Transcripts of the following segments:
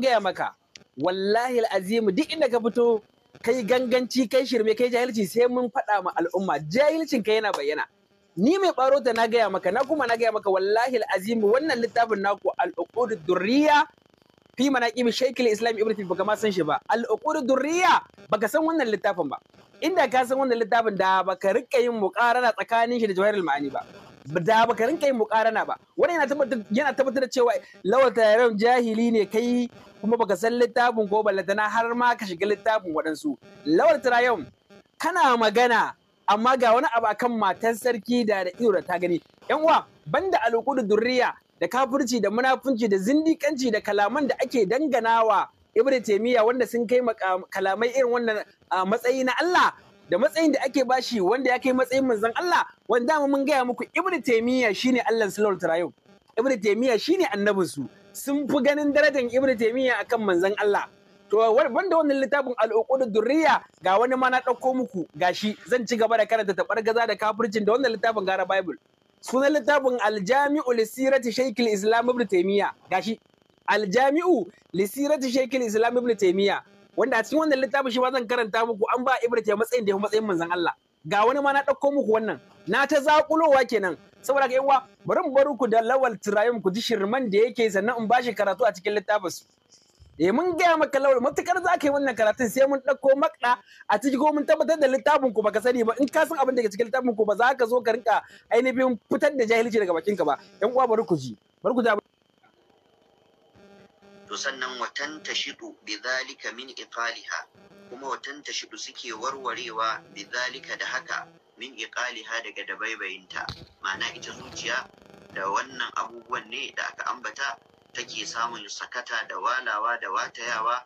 gaya maka wallahi azimu duk inda ka fito kai ganganci kai shirme kai jahilci sai mun faɗa ma al'umma jahilcin ka yana bayyana ni mai ɓaro na gaya maka na kuma na gaya maka wallahi azimu wannan littafin naku al'uqud durriya fi manaqib shaykh al-islam ibn tayyib baka ma san shi ba al'uqud durriya baka san wannan littafin ba inda ka san wannan littafin da baka rika yin muqarana tsakanin shi da jawahirul ma'ani ba da baka rinka yin mukarana ba wani yana tabbatar yana tabbatar da cewa lawal tayaran jahili ne kai kuma baka san littafin ko na har ma ka shiga littafin waɗansu lawal tayaran kana magana amma ga wani abu akan matan sarki da da iro ta gani yan uwa banda alƙudu durriya da kafirci da munafunci da zindikanci da kalaman da ake danganawa Ibrahim taymiya wanda sun kai kalamai irin wannan matsayi na Allah da matsayin da ake bashi wanda ya kai matsayin manzon Allah wanda mun gaya muku Ibn Taymiyyah shine Allah sallallahu alaihi Ibn Taymiyyah shine annabinsu sun fi ganin darajar Ibn Taymiyyah akan manzon Allah to wanda wannan littafin al'uqud durriya ga wani ma na dauko muku gashi zan ci gaba da karanta tabar gaza da kafircin da wannan littafin gara bible sunan littafin aljami'u lisirati shaykil islam ibn taymiyyah gashi aljami'u lisirati shaykil islam ibn taymiyyah wanda a cikin wannan littafin shi ma zan karanta muku an ba Ibra ta matsayin da ya matsayin manzon Allah ga wani ma na ɗauko muku wannan na ta zaƙulowa kenan saboda ga yawa bari mu bari ku da lawal turayen ku ji shirman da yake sannan in bashi karatu a cikin littafin su eh mun gaya maka lawal matukar za ka yi wannan karatun sai mun ɗauko makɗa a ciki ko mun tabbatar da littafin ku baka sani ba in ka san abin da ke cikin littafin ku ba za ka zo ka rinka ainihin fitar da jahilci daga bakin ka ba yan uwa bari ku ji bari ku ji to sannan watan tashidu bi zalika min iqaliha kuma watan tashidu suke warwarewa bi zalika da haka min iqaliha daga dabaibayinta ma'ana ita zuciya da wannan abubuwan ne da aka ambata take samun sakata da walawa da watayawa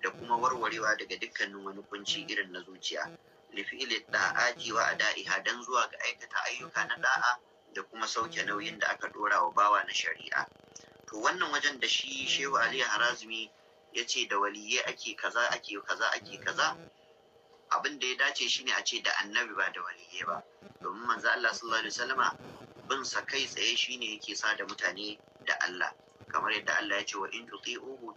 da kuma warwarewa daga dukkanin wani kunci irin na zuciya lifi'ili da'aji a da'iha dan zuwa ga aikata ayyuka na da'a da kuma sauke nauyin da aka ɗora wa bawa na shari'a to wannan wajen da shi hmm. shehu ali harazmi ya ce da waliye ake kaza ake kaza ake kaza abin da ya dace shine a ce da annabi ba da waliye ba domin manzo Allah sallallahu alaihi wasallama bin sa kai tsaye shine yake sa da mutane da Allah kamar yadda Allah ya ce wa in ta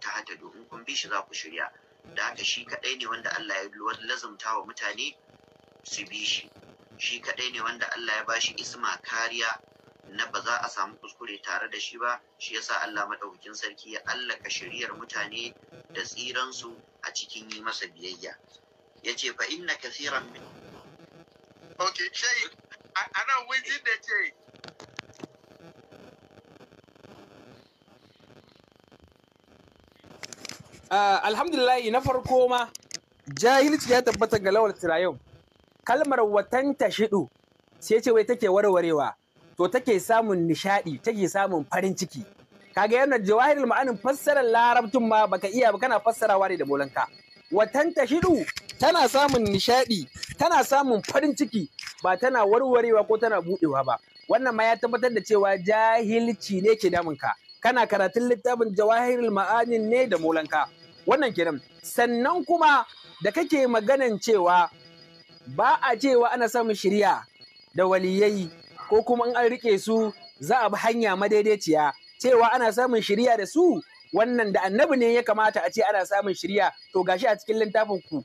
tahtadu domin kun bi shi za ku shirya da haka shi kadai ne wanda Allah ya lazumta wa mutane su bi shi shi kadai ne wanda Allah ya bashi isma kariya na ba za a samu kuskure tare da shi ba shi yasa Allah madaukakin sarki ya allaka shiriyar mutane da tsiransu a cikin yi masa biyayya yace fa inna kaseeran min okay shay ana wajen da ce ah, alhamdulillah na farko ma jahilci ya tabbata ga lawal tirayau kalmar watanta shidu sai ce wai take warwarewa to take samun nishaɗi take samun farin ciki kaga yana jawahirul ma'anin fassarar larabtun ma baka iya ba kana fassarawa ne da bolanka watanta shidu tana samun nishaɗi tana samun farin ciki ba tana warwarewa ko tana buɗewa ba wannan ma ya tabbatar da cewa jahilci ne ke damun ka. kana karatun littafin jawahirul ma'anin ne da molanka wannan kenan sannan kuma da kake maganan cewa ba a cewa ana samun shirya da waliyai ko kuma in an rike su za a bi hanya madaidaiciya cewa ana samun shirya da su wannan da annabi ne ya kamata a ce ana samun shirya to gashi a cikin littafin ku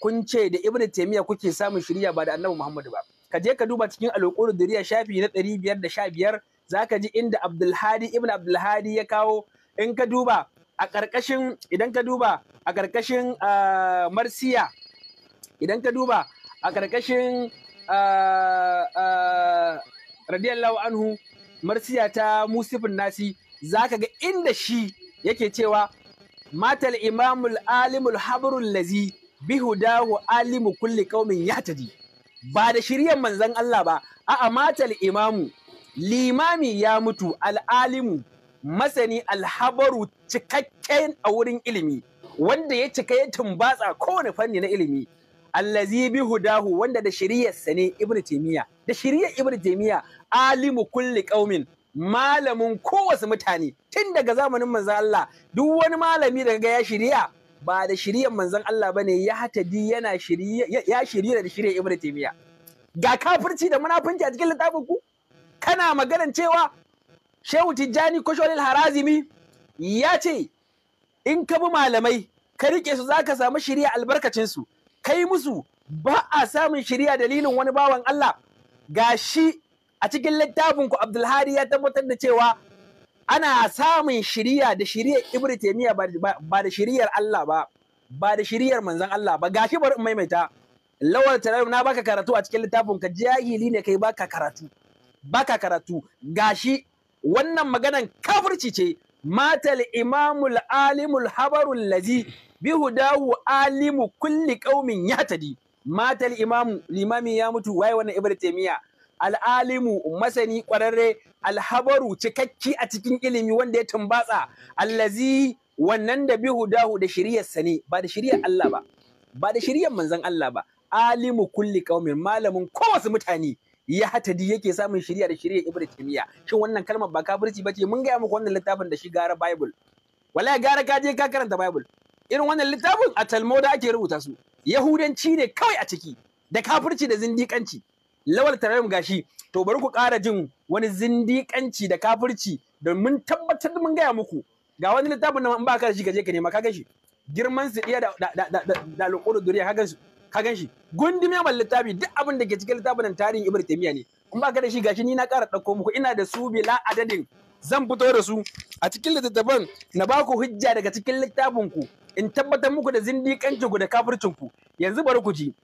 kun ce da ibnu taymiya kuke samun shirya ba da annabi muhammadu ba ka je ka duba cikin alƙur duriya shafi na ɗari biyar da sha biyar za ji inda abdulhadi ibn abdulhadi ya kawo in ka duba a ƙarƙashin idan ka duba a ƙarƙashin ah, marsiya idan ka duba a ƙarƙashin ah, ah, radiyallahu anhu marsiya ta musifin nasi ka ga inda shi yake cewa matal imamul alimul habrul lazi bihudahu alimu kulli ya yatadi ba da shiryan manzon Allah ba a'a matal imamu limami ya mutu al'alimu masani alhabaru cikakken a wurin ilimi wanda ya cika ya tumbatsa kowane fanni na ilimi allazi bi hudahu wanda da sa ne ibnu taymiya da shiriyar ibnu taymiya alimu kulli qaumin malamin kowace mutane tun daga zamanin manzon Allah duk wani malami daga ga ya shiriya ba da shiriyar manzon Allah bane ya hatadi yana shiriya ya shiriya da shiriyar ibnu taymiya ga kafirci da munafunci a cikin littafin ku kana maganan cewa Shehu Tijjani Kosholil Harazimi ya ce in ka bi malamai ka rike su zaka samu shiriya albarkacin su kai musu ba a samun shirya dalilin wani bawan Allah ga shi a cikin littafinku Abdulhadi ya tabbatar da cewa ana samun shirya da shiriyar Ibrahim Taimiyya ba da shiriyar Allah ba ba da shiriyar manzon Allah ba gashi bari in maimaita lawal tarayum na baka karatu a cikin littafin ka jahili ne kai baka karatu baka karatu gashi wannan maganan kafirci ce matal imamul alimul habarul lazi Bihu Dawu alimu kulli qaumin tadi matal imamu limami ya mutu waye wannan ibnu taymiya al'alimu masani ƙwararre alhabaru cikakki a cikin ilimi wanda ya tumbatsa allazi wannan da bihu dahu da shiriyarsa ne ba da shiriyar Allah ba ba da shiriyar manzon Allah ba alimu kulli qaumin malamin kowace mutane ya hatadi yake samun shiriya da shiriyar ibnu taymiya shin wannan kalmar ba kafirci bace mun ga muku wannan littafin da shi gara bible wallahi gara ka je ka karanta bible irin wannan littafin a da ake rubuta su yahudanci ne kawai a ciki da kafirci da zindiƙanci lawal tarayyum gashi to bari ku ƙara jin wani zindikanci da kafirci da mun tabbatar mun gaya muku ga wani littafin nan in ba ka da shi ka je ka nema ka gan girman su iya da da da da duriya ka gan su ka gan shi gundume littafi duk abin da ke cikin littafin nan tarihin ibnu ne in ba ka da shi gashi ni na ƙara ɗauko muku ina da su bila adadin zan fito da su a cikin littattafan na ba ku hujja daga cikin littafin ku in tabbatar muku da zindiƙancin ku da kafircin ku yanzu bari ku ji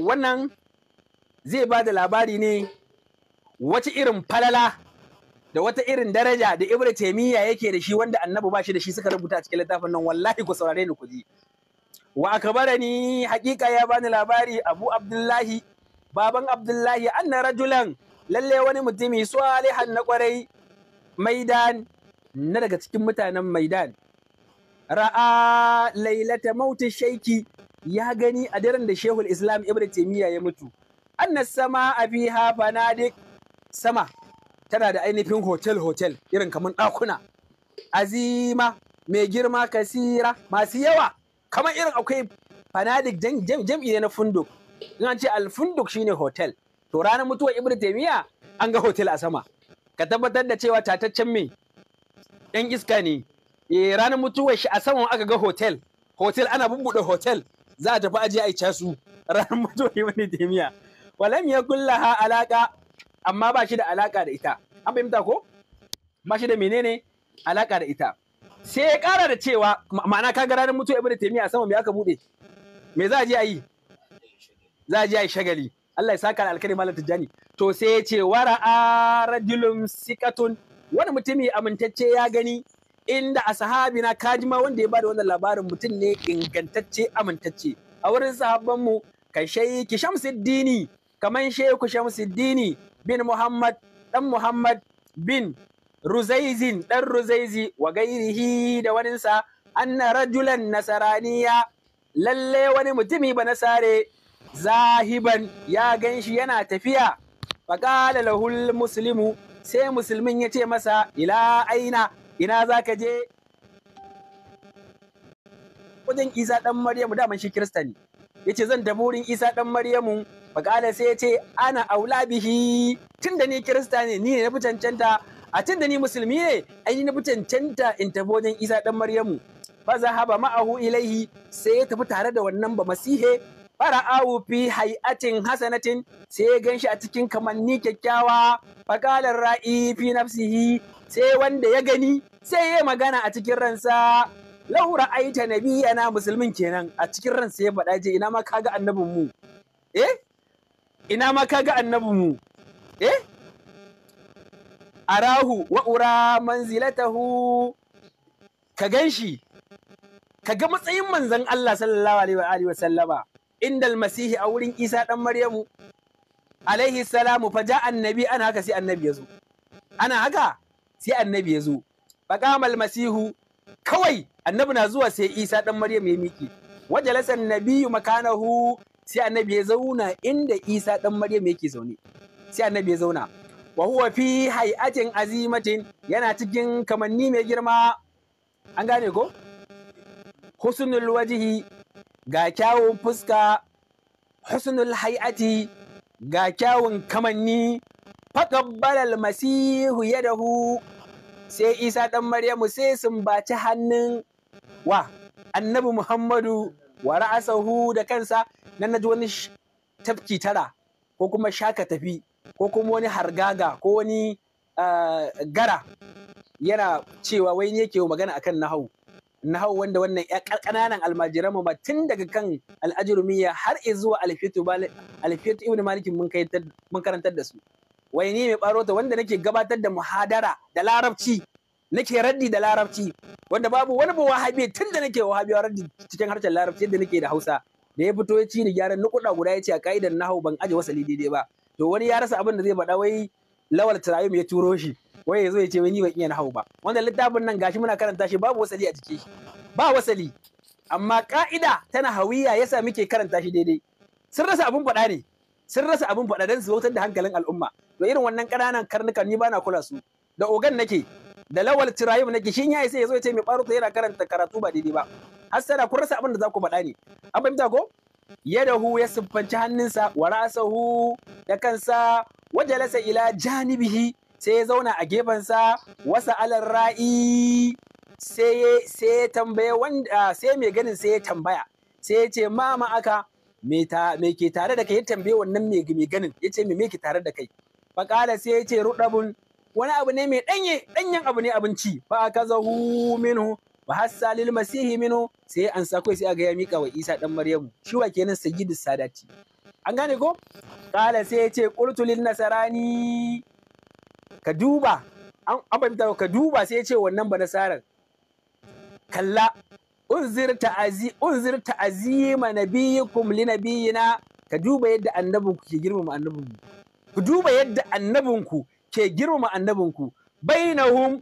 wannan zai ba da labari ne wace irin falala da wata irin daraja da ibra taimiyya yake da shi wanda annabi ba shi da shi suka rubuta a cikin littafin nan wallahi ku saurare ni ku ji wa ni haƙiƙa ya bani labari abu abdullahi baban abdullahi anna rajulan lalle wani mutumi salihan na kwarai maidan na daga cikin mutanen maidan ra'a lailata mauti shaiki ya gani a daren da shehul islam ibn taimiyya ya mutu annas sama a biha fanadik sama tana da ainihin hotel hotel irin kamar ɗakuna azima mai girma kasira masu yawa kamar irin akwai fanadik jam'i ne na funduk in ce alfunduk shine hotel to ranar mutuwar ibnu taymiya an ga hotel a sama ka tabbatar da cewa tataccen me yan iska ne e, ranar mutuwar shi a saman aka ga hotel hotel ana bubbuɗe hotel za a tafi ajiye a casu ranar mutuwar ibnu taymiya walam ha alaka amma ba shi da alaka da ita an fahimta ko ba shi da menene alaka da ita sai ya kara da cewa ma'ana ka ga ranar mutuwar ibnu a saman me aka bude me za a je a yi za a je a yi shagali Allah ya saka alkhairi malam tijjani to sai ya ce wara A rajulun sikatun wani mutumi amintacce ya gani inda a sahabi na kajima wanda ya bada wannan labarin mutum ne ingantacce amintacce a wurin sahabban mu ka shamsiddini shamsuddini kaman shehu shamsuddini bin muhammad ɗan muhammad bin ruzaizin dan ruzaizi wa gairihi da waninsa anna rajulan nasaraniya lalle wani mutumi ba nasare zahiban ya gan shi yana tafiya faƙala lahul muslimu sai musulmin ya ce masa ila aina ina za ka je wajen isa ɗan maryamu daman shi kirista ne ya ce zan tafi wurin isa ɗan maryamu faƙala sai ya ce ana aula bihi tun da ni kirista ne ni ne na fi a tun da ni musulmi ne ai ni na fi in tafi wajen isa ɗan maryamu fa zahaba ma'ahu ilaihi sai ya tafi tare da wannan ba masihe awu fi hay'atin hasanatin sai ya ganshi a cikin kamanni kyakkyawa fakalar ra'i fi nafsihi sai wanda ya gani sai ya magana a cikin ransa lau ra'aita yana musulmin kenan a cikin ransa ya faɗa je ina ma kaga annabin mu eh ina ma kaga annabin mu eh arahu wa ura manzilatahu ka ganshi ka ga matsayin manzon Allah sallallahu alaihi wa alihi wa sallama indal masihi a wurin isa dan maryamu alaihi salamu fa ja annabi ana haka sai annabi ya zo ana haka sai annabi ya zo faqamal masihu kawai annabi na zuwa sai isa Ɗan Maryamu ya miki wajalasa Nabiyu makanahu sai annabi ya zauna inda isa dan maryamu yake zaune sai annabi ya zauna wa huwa fi hay'atin azimatin yana cikin kamanni mai girma an gane ko husnul wajhi ga kyawun fuska husnul hai'ati, ga kyawun kamanni faƙabbalal masihu ya dahu sai isa ɗan maryamu sai sumbaci hannun wa annabi muhammadu wa ra'asahu da kansa nan naji wani tafki tara ko kuma shaka tafi ko kuma wani hargaga ko wani ah, gara yana cewa wai ne yake magana akan nahau nahau wanda wannan ya ƙananan almajiran ba tun daga kan al'ajurumiya har zuwa alfitu ibn malikin mun karantar da su wai ni mai ta wanda nake gabatar da muhadara da larabci nake raddi da larabci wanda babu wani ba wahabi tun da nake wahabiya raddi cikin harshen larabci yadda nake da hausa da ya fito ya ci ni gyaran nukuda guda ya ce a ka'idar nahau ban aje wasali daidai ba to wani ya rasa abin da zai faɗa wai lawal turayim ya turo shi wai yazo ya ce wani ni ban iya nahau ba Wanda littafin nan gashi muna karanta shi babu wasali a jiki ba wasali amma ka'ida tana hawiya yasa muke karanta shi daidai sun rasa abun faɗa ne sun rasa abun faɗa don su da hankalin al'umma to irin wannan ƙananan karnukan ni bana kula su da ogan nake da lawal tirayim nake shin ya sai yazo ya ce mai ɓaro yana karanta karatu ba daidai ba hassada kun rasa abin da za ku faɗa ne an fahimta ko yadahu ya siffanci hannunsa wa rasahu da kansa wajalasa ila janibihi sai ya zauna a gefensa wasa alar ra'i sai ya tambaye wanda sai mai ganin sai ya tambaya sai ya ce ma aka me ke tare da kai ya tambaye wannan mai ganin ya ce me ke tare da kai faƙala sai ya ce rudabun wani abu ne mai ɗanye ɗanyen abu ne abinci fa aka zahu minhu wa hassa lil masihi minu sai an sa kai sai aga ya mika wa Isa dan Maryamu shi wa kenan sayyidus sadati an gane ko qala sai ya ce qultu lin nasarani ka duba an fahimta ka duba sai ya ce wannan ba nasarar kalla unzir ta'azi unzir ta'azima nabiyikum li nabiyina ka duba yadda annabinku ke girmama annabinku ku duba yadda annabinku ke girmama annabinku bainahum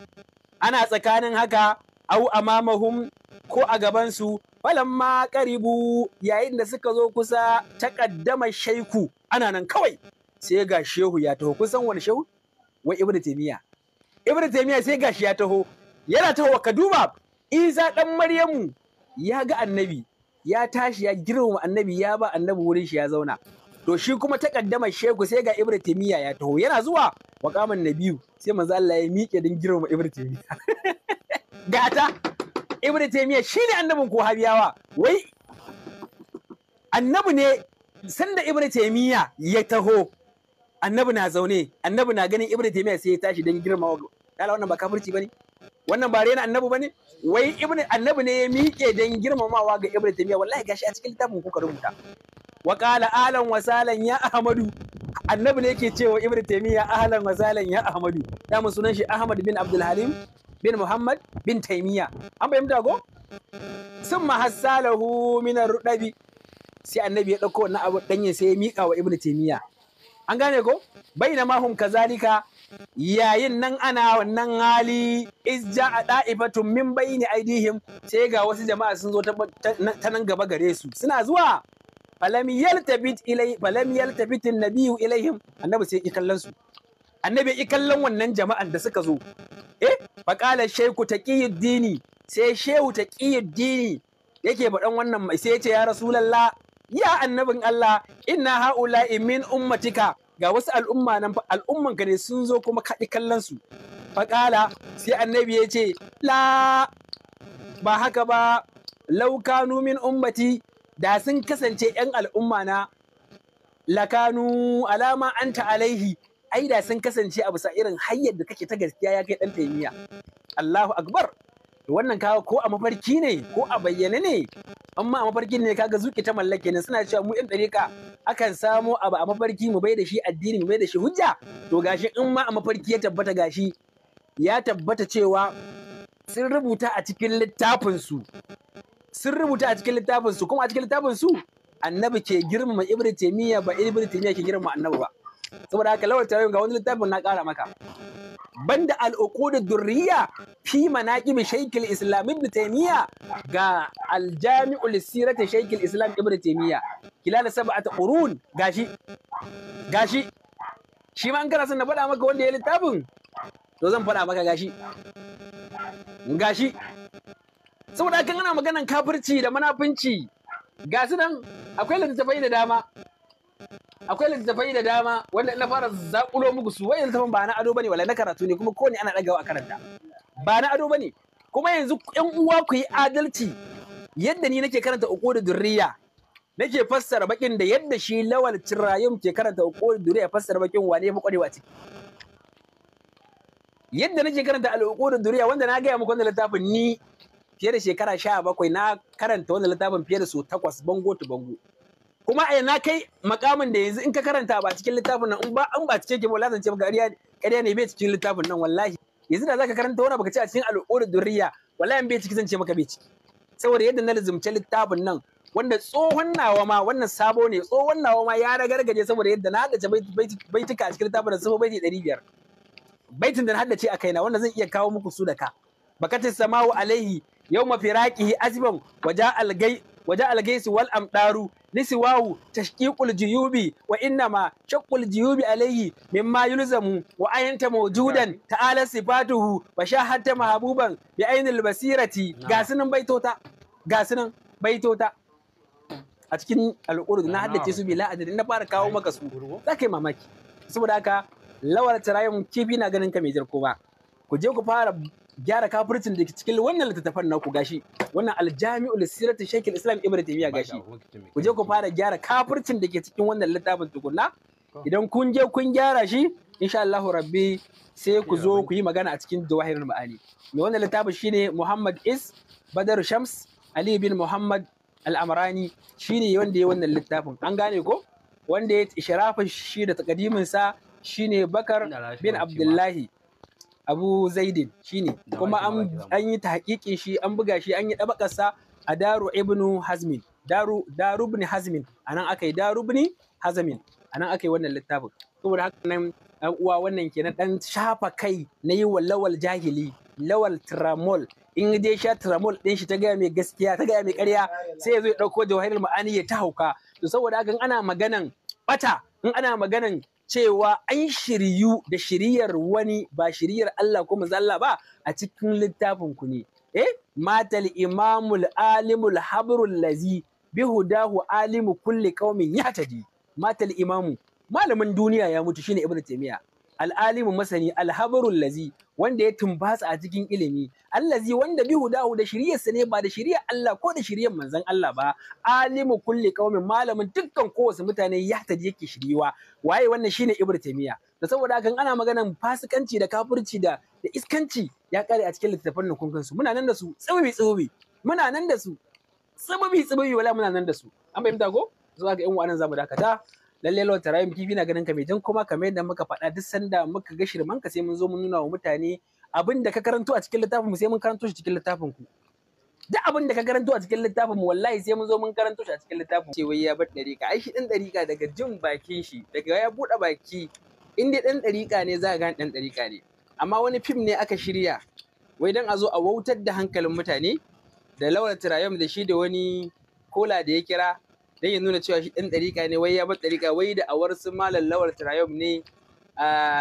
ana tsakanin haka au amamahum ko a gabansu ma karibu yayin da suka zo kusa taƙaddama shaiku ana nan kawai sai ga shehu ya taho kun san wani shehu wai ibn taymiya ibn taymiya sai ga shi ya taho yana taho ka duba isa dan maryamu ya ga annabi ya tashi ya girmama annabi ya ba annabi wurin shi ya zauna to shi kuma takaddama shehu sai ga ibn taymiya ya taho yana zuwa waqaman nabiyu sai manzo Allah ya miƙe din girma ibn taymiya gata ibnu taymiya shine annabin ko Habiyawa? wai annabi ne sanda ibnu taymiya ya taho annabi na zaune annabi na ganin ibnu taymiya sai ya tashi dan wa kala wannan ba kafirci bane wannan ba rena annabi bane wai ibnu annabi ne ya miƙe dan girmamawa ga ibnu taymiya wallahi gashi a cikin littafin kuka rubuta wa qala alan wa salan ya ahmadu annabi ne yake cewa ibnu taimiyya alan wa salan ya ahmadu da sunan shi ahmad bin abdul halim bin Muhammad bin Taimiyya an fahimta ko sun mahassalahu min rudabi sai annabi ya ɗauko wannan abu ɗanye sai ya miƙa wa Ibn Taimiyya an gane ko bai na mahun kazalika yayin nan ana wannan hali izja a da'ifatun min bayni aidihim sai ga wasu jama'a sun zo ta nan gaba gare su suna zuwa falam yaltabit ilai falam yaltabit annabi sai ya kallon su annabi ya kallon wannan jama'an da suka zo eh faƙala shehu dini, sai shehu ta dini yake faɗan wannan mai sai ce ya rasulallah ya annabin Allah inna haula'i min ummatika ga wasu al'umma nan al'umman ka ne sun zo kuma kaɗi kallon su faƙala sai annabi ya ce la ba haka ba laukanu min ummati da sun kasance 'yan al'umma na lakanu alama anta alaihi ai da sun kasance a bisa irin hayyar da kake ta gaskiya ya kai dan taimiya Allahu akbar wannan kawo ko a mafarki ne ko a bayyane ne amma a mafarki ne kaga zuke ta mallake ne suna cewa mu yan dariƙa akan samo abu a mafarki mu bai da shi addini mu bai da shi hujja to gashi in ma a mafarki ya tabbata gashi ya tabbata cewa sun rubuta a cikin littafin su sun rubuta a cikin littafin su kuma a cikin littafin su annabi ke girmama Ibrahim taimiyya ba Ibrahim taimiyya ke girmama annabi ba saboda haka lawar tarayyar ga wani littafin na ƙara maka banda al'uqud durriya fi manaqib bi al-islam ibn taymiya ga aljami'ul jamiu li islam ibn taymiya kilal sab'ata qurun gashi gashi shi ma an kana son na faɗa maka wanda ya littafin to zan faɗa maka gashi gashi saboda haka ana maganan kafirci da manafinci ga su nan akwai littattafai da dama akwai littattafai da dama wanda na fara zakulo muku su wayan zaman ba na ado bane wala na karatu ne kuma kowane ana dagawa a karanta ba na ado bane kuma yanzu ƴan uwa ku yi adalci yadda ni nake karanta uku da durriya nake fassara bakin da yadda shi lawal cirayum ke karanta uku da durriya fassara bakin wane ya kwarewa ciki yadda nake karanta al'uku da durriya wanda na gaya muku wannan littafin ni fiye da shekara sha bakwai na karanta wannan littafin fiye da sau takwas bango to bango kuma a eh, na kai makamin da yanzu in ka karanta ba cikin littafin nan in ba an ba cikin kebo zan ce maka ƙarya ne bai cikin littafin nan wallahi yanzu da zaka karanta wani baka ce a cikin al'ummar duriya wallahi bai ciki zan ce maka bai ciki saboda yadda na lizumce littafin nan wanda tsohon nawa ma wannan sabo ne tsohon nawa ma ya ragargaje saboda yadda na haddace baituka a cikin littafin nan sun baiti ɗari biyar baitin da na haddace a kaina wanda zan iya kawo muku su da ka bakatis sama'u alaihi yau mafiraƙihi azban waja algai waje algaisu wal amdaru lisiwahu tashqiqul juyubi wa innama shaqqul juyubi alayhi mimma yulzamu wa ayanta mawjudan ta'ala sifatuhu wa shahadta mahbuban bi ainil basirati ga baitota ga baitota a cikin alƙurud na haddace su bila adadin na fara kawo maka su za ka yi mamaki saboda haka lawar tarayyan kifi na ganin ka mai jirko ba ku je ku fara gyara kafircin da ke cikin wannan littattafan naku gashi wannan aljami'ul siratu shaykhul islam ibnu taymiya gashi ku je ku fara gyara kafircin da ke cikin wannan littafin tukunna idan kun je kun gyara shi insha Allah rabbi sai ku zo ku yi magana a cikin duwahirul ma'ani mai wannan littafin shine Muhammad Is Badar Shams Ali bin Muhammad Al-Amrani shine wanda ya wannan littafin an gane ko wanda ya ishrafin shi da takadimin sa shine Bakar bin Abdullahi abu zaidin shi ne kuma an yi tahqiqin shi an buga shi an yi ƙasa a daru ibnu hazmin daru daru ibn hazmin nan aka yi daru ibn hazmin a nan aka yi wannan littafin saboda haka nan ɗan uwa wannan kenan ɗan shafa kai na yi wa lawal jahili lawal tramol in dai sha tramol ɗin shi ta gaya mai gaskiya ta gaya mai ƙarya sai ya zo ya ɗauko jawahirin ma'ani ya ta hauka to saboda haka ana maganan bata in ana maganan cewa an shiryu da shiryar wani ba shiriyar Allah ko manzo ba a cikin littafin ku ne eh matal imamul alimul habrul lazi hudahu alimu kulli qaumin tadi. matal imamu malamin duniya ya mutu shine Ibn taimiyya. al'alimu masani alhabarul lazi wanda ya tumbatsa a cikin ilimi allazi wanda bi huda da shiryarsa ne ba da shiriya Allah ko da shiriyar manzon Allah ba alimu kulli qaumin malamin dukkan kowace mutane ya taje yake shiriwa waye wannan shine ibnu taymiya da saboda hakan ana maganan fasikanci da kafirci da da iskanci ya kare a cikin littafin nan kun kansu muna nan da su tsubi tsubi muna nan da su tsubi tsubi wala muna nan da su an fahimta ko zuwa ga yan wa'annan zamu dakata lalle lawan mu kifi na ganin ka mai jan kuma kamar yadda muka faɗa duk sanda muka ga shirman ka sai mun zo mun nuna wa mutane abin da ka karanto a cikin littafin mu sai mun karanto shi cikin littafin ku duk abin da ka karanto a cikin littafin mu wallahi sai mun zo mun karanto shi a cikin littafin ce wai ya bar dariƙa ai shi dan dariƙa daga jin bakin shi daga ya buɗe baki in dai dan dariƙa ne za ga dan dariƙa ne amma wani fim ne aka shirya wai dan a zo a wautar da hankalin mutane da laura tirayam da shi da wani kola da ya kira dan ya nuna cewa shi dan ɗarika ne wai ya bar ɗariƙa wai da awar su malam lawal tirayum ne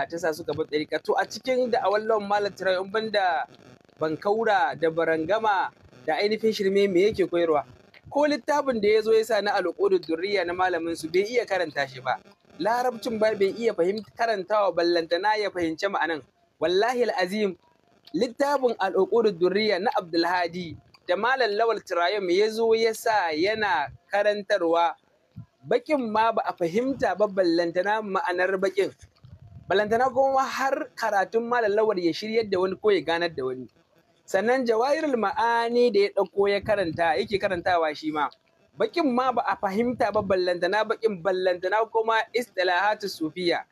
ta sa suka bar ɗariƙa to a cikin da awar lawan malam tirayum banda bankaura da barangama da ainihin shirme me yake koyarwa ko littafin da ya zo ya sa na alƙudu durriya na malamin su bai iya karanta shi ba larabcin ba bai iya fahimta karantawa ballantana ya fahimci ma'anan wallahi al'azim littafin al'uqudud durriya na abdulhadi da malam lawal tirayum ya zo ya sa yana karantarwa bakin ma ba a fahimta ba ballantana ma'anar bakin ballantana kuma har karatun malam lawal ya shiryar da wani ko ya ganar da wani sannan jawahirul ma'ani da ya ɗauko ya karanta yake karantawa shi ma bakin ma ba a fahimta ba ballantana bakin ballantana kuma istilahatu sufiya